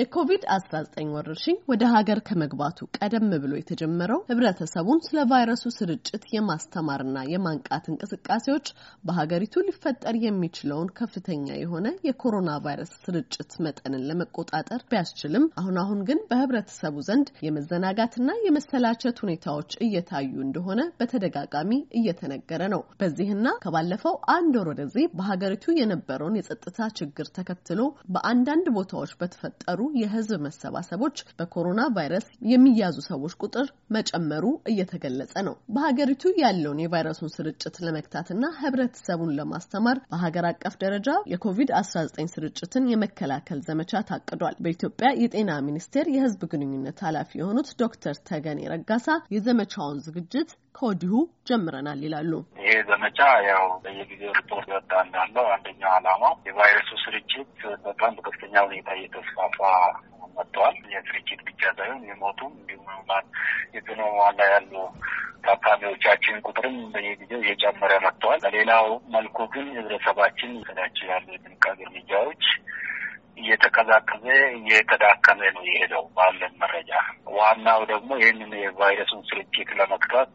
የኮቪድ-19 ወረርሽኝ ወደ ሀገር ከመግባቱ ቀደም ብሎ የተጀመረው ህብረተሰቡን ስለ ቫይረሱ ስርጭት የማስተማርና የማንቃት እንቅስቃሴዎች በሀገሪቱ ሊፈጠር የሚችለውን ከፍተኛ የሆነ የኮሮና ቫይረስ ስርጭት መጠንን ለመቆጣጠር ቢያስችልም አሁን አሁን ግን በህብረተሰቡ ዘንድ የመዘናጋትና የመሰላቸት ሁኔታዎች እየታዩ እንደሆነ በተደጋጋሚ እየተነገረ ነው። በዚህና ከባለፈው አንድ ወር ወደዚህ በሀገሪቱ የነበረውን የጸጥታ ችግር ተከትሎ በአንዳንድ ቦታዎች በተፈጠሩ የህዝብ መሰባሰቦች በኮሮና ቫይረስ የሚያዙ ሰዎች ቁጥር መጨመሩ እየተገለጸ ነው። በሀገሪቱ ያለውን የቫይረሱን ስርጭት ለመግታትና ህብረተሰቡን ለማስተማር በሀገር አቀፍ ደረጃ የኮቪድ-19 ስርጭትን የመከላከል ዘመቻ ታቅዷል። በኢትዮጵያ የጤና ሚኒስቴር የህዝብ ግንኙነት ኃላፊ የሆኑት ዶክተር ተገኔ ረጋሳ የዘመቻውን ዝግጅት ከወዲሁ ጀምረናል ይላሉ። ይሄ ዘመቻ ያው በየጊዜው ሪፖርት ይወጣ እንዳለው አንደኛው ዓላማው የቫይረሱ ስርጭት በጣም በከፍተኛ ሁኔታ እየተስፋፋ መጥተዋል። የስርጭት ብቻ ሳይሆን የሞቱም እንዲሁም የጽኑ ዋላ ያሉ ታካሚዎቻችን ቁጥርም በየጊዜው እየጨመረ መጥተዋል። በሌላው መልኩ ግን ህብረተሰባችን ስላቸው ያሉ የጥንቃቄ እርምጃዎች እየተቀዛቀዘ እየተዳከመ ነው የሄደው ባለን መረጃ። ዋናው ደግሞ ይህንን የቫይረሱን ስርጭት ለመግታት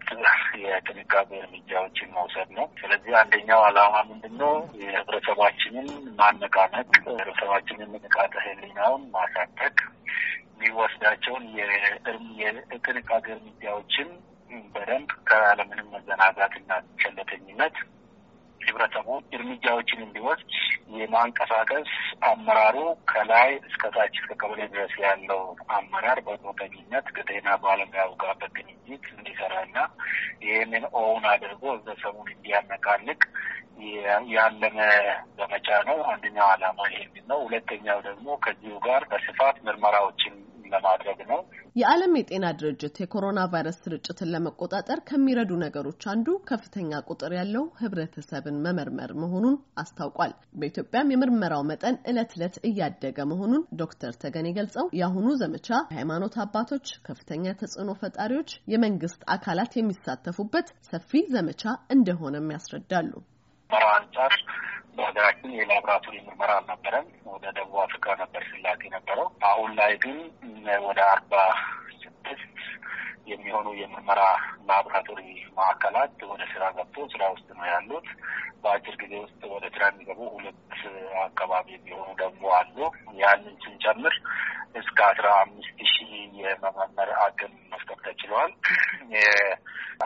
የጥንቃቄ እርምጃዎችን መውሰድ ነው። ስለዚህ አንደኛው ዓላማ ምንድን ነው? የህብረተሰባችንን ማነቃነቅ፣ ህብረተሰባችንን ንቃተ ህሊናውን ማሳደግ፣ የሚወስዳቸውን የጥንቃቄ እርምጃዎችን በደንብ ከያለምንም መዘናጋትና ቸለተኝነት ህብረተሰቡ እርምጃዎችን እንዲወስድ የማንቀሳቀስ አመራሩ ከላይ እስከታች ከቀበሌ ድረስ ያለው አመራር በቁርጠኝነት ከጤና ባለሙያው ጋር በግንኙነት እንዲሰራና ይህንን ኦውን አድርጎ ህብረተሰቡን እንዲያነቃልቅ ያለመ ዘመቻ ነው። አንደኛው ዓላማ ይሄ ነው። ሁለተኛው ደግሞ ከዚሁ ጋር በስፋት ምርመራዎችን ለማድረግ ነው። የዓለም የጤና ድርጅት የኮሮና ቫይረስ ስርጭትን ለመቆጣጠር ከሚረዱ ነገሮች አንዱ ከፍተኛ ቁጥር ያለው ህብረተሰብን መመርመር መሆኑን አስታውቋል። በኢትዮጵያም የምርመራው መጠን እለት እለት እያደገ መሆኑን ዶክተር ተገኔ ገልጸው የአሁኑ ዘመቻ የሃይማኖት አባቶች፣ ከፍተኛ ተጽዕኖ ፈጣሪዎች፣ የመንግስት አካላት የሚሳተፉበት ሰፊ ዘመቻ እንደሆነም ያስረዳሉ። አንጻር የላብራቶሪ ምርመራ አልነበረም። ወደ ደቡብ አፍሪካ ነበር ስላቅ የነበረው። አሁን ላይ ግን ወደ አርባ ስድስት የሚሆኑ የምርመራ ላብራቶሪ ማዕከላት ወደ ስራ ገብቶ ስራ ውስጥ ነው ያሉት። በአጭር ጊዜ ውስጥ ወደ ስራ የሚገቡ ሁለት አካባቢ የሚሆኑ ደግሞ አሉ። ያንን ስንጨምር እስከ አስራ አምስት ሺህ የመመርመር አቅም ተችሏል።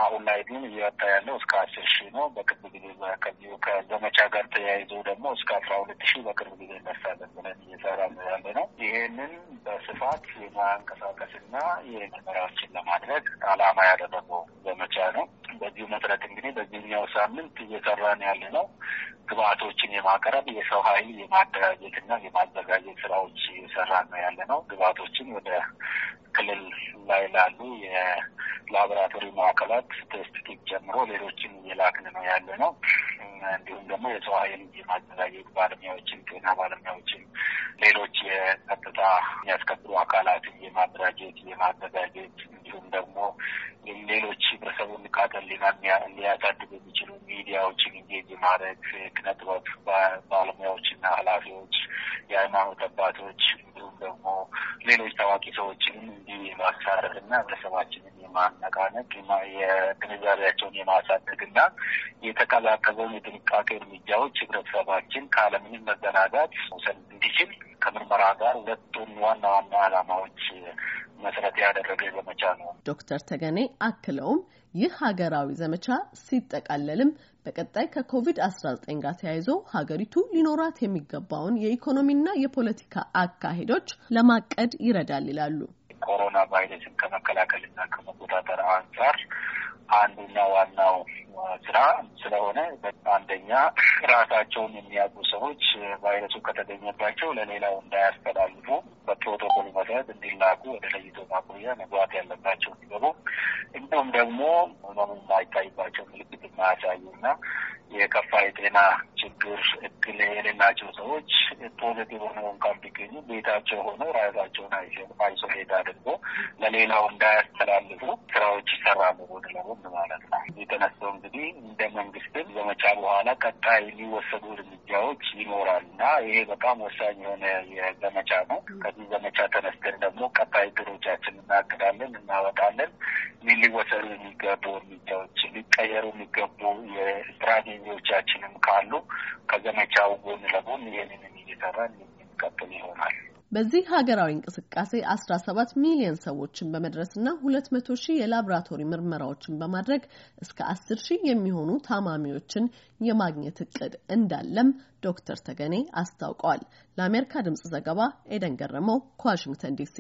አሁን ላይ ግን እየወጣ ያለው እስከ አስር ሺህ ነው። በቅርብ ጊዜ ከዚሁ ከዘመቻ ጋር ተያይዞ ደግሞ እስከ አስራ ሁለት ሺህ በቅርብ ጊዜ እንደርሳለን ብለን እየሰራ ያለ ነው። ይህንን በስፋት የማንቀሳቀስና የመመሪያዎችን ለማድረግ አላማ ያደረገው ዘመቻ ነው። በዚሁ መሰረት እንግዲህ በዚህኛው ሳምንት እየሰራን ያለ ነው ግብአቶችን የማቅረብ የሰው ኃይል የማደራጀትና የማዘጋጀት ስራዎች እየሰራን ነው ያለ ነው። ግብአቶችን ወደ ላይ ላሉ የላቦራቶሪ ማዕከላት ቴስትኪት ጀምሮ ሌሎችን እየላክን ነው ያለ ነው። እንዲሁም ደግሞ የሰው ኃይል የማዘጋጀት ባለሙያዎችን፣ ጤና ባለሙያዎችን፣ ሌሎች የጸጥታ የሚያስከብሩ አካላትን የማደራጀት የማዘጋጀት እንዲሁም ደግሞ ሌሎች ህብረተሰቡን ንቃተ ህሊናን ሊያሳድጉ የሚችሉ ሚዲያዎችን እንጌጅ ማድረግ፣ ኪነጥበብ ባለሙያዎችና ኃላፊዎች፣ የሃይማኖት አባቶች ደግሞ ሌሎች ታዋቂ ሰዎችንም እንዲህ የማሳረፍ እና ህብረተሰባችንን የማነቃነቅ የግንዛቤያቸውን የማሳደግ እና የተቀላቀለውን የጥንቃቄ እርምጃዎች ህብረተሰባችን ካለምንም መዘናጋት መውሰድ እንዲችል ከምርመራ ጋር ሁለቱን ዋና ዋና ዓላማዎች መሰረት ያደረገ ዘመቻ ነው። ዶክተር ተገኔ አክለውም ይህ ሀገራዊ ዘመቻ ሲጠቃለልም በቀጣይ ከኮቪድ-19 ጋር ተያይዞ ሀገሪቱ ሊኖራት የሚገባውን የኢኮኖሚና የፖለቲካ አካሄዶች ለማቀድ ይረዳል ይላሉ። ኮሮና ቫይረስን ከመከላከልና ከመቆጣጠር አንጻር አንዱና ዋናው ስራ ስለሆነ አንደኛ ራሳቸውን የሚያውቁ ሰዎች ቫይረሱ ከተገኘባቸው ለሌላው እንዳያስተላልፉ በፕሮቶኮል መሰረት እንዲላኩ ወደ ለይቶ ማቆያ መግባት ያለባቸው እንዲገቡ፣ እንዲሁም ደግሞ ህመሙ የማይታይባቸው ምልክት የማያሳዩ እና የከፋ የጤና ችግር እክል የሌላቸው ሰዎች ፖዘቲቭ ሆነው እንኳን ቢገኙ ቤታቸው ሆኖ ራሳቸውን አይሶሌት አድርጎ ለሌላው እንዳያስተላልፉ ስራዎች ይሰራሉ። ወደ ለጎን ማለት ነው የተነሳው እንግዲህ እንደ መንግስትም ዘመቻ በኋላ ቀጣይ የሚወሰዱ እርምጃዎች ይኖራል እና ይሄ በጣም ወሳኝ የሆነ የዘመቻ ነው። ከዚህ ዘመቻ ተነስተን ደግሞ ቀጣይ ድሮቻችን እናቅዳለን እና ከዘመቻው ጎን ለጎን ይህንን እየሰራን የምንቀጥል ይሆናል። በዚህ ሀገራዊ እንቅስቃሴ 17 ሚሊዮን ሰዎችን በመድረስና 200 ሺህ የላቦራቶሪ ምርመራዎችን በማድረግ እስከ 10 ሺህ የሚሆኑ ታማሚዎችን የማግኘት እቅድ እንዳለም ዶክተር ተገኔ አስታውቀዋል። ለአሜሪካ ድምጽ ዘገባ ኤደን ገረመው ከዋሽንግተን ዲሲ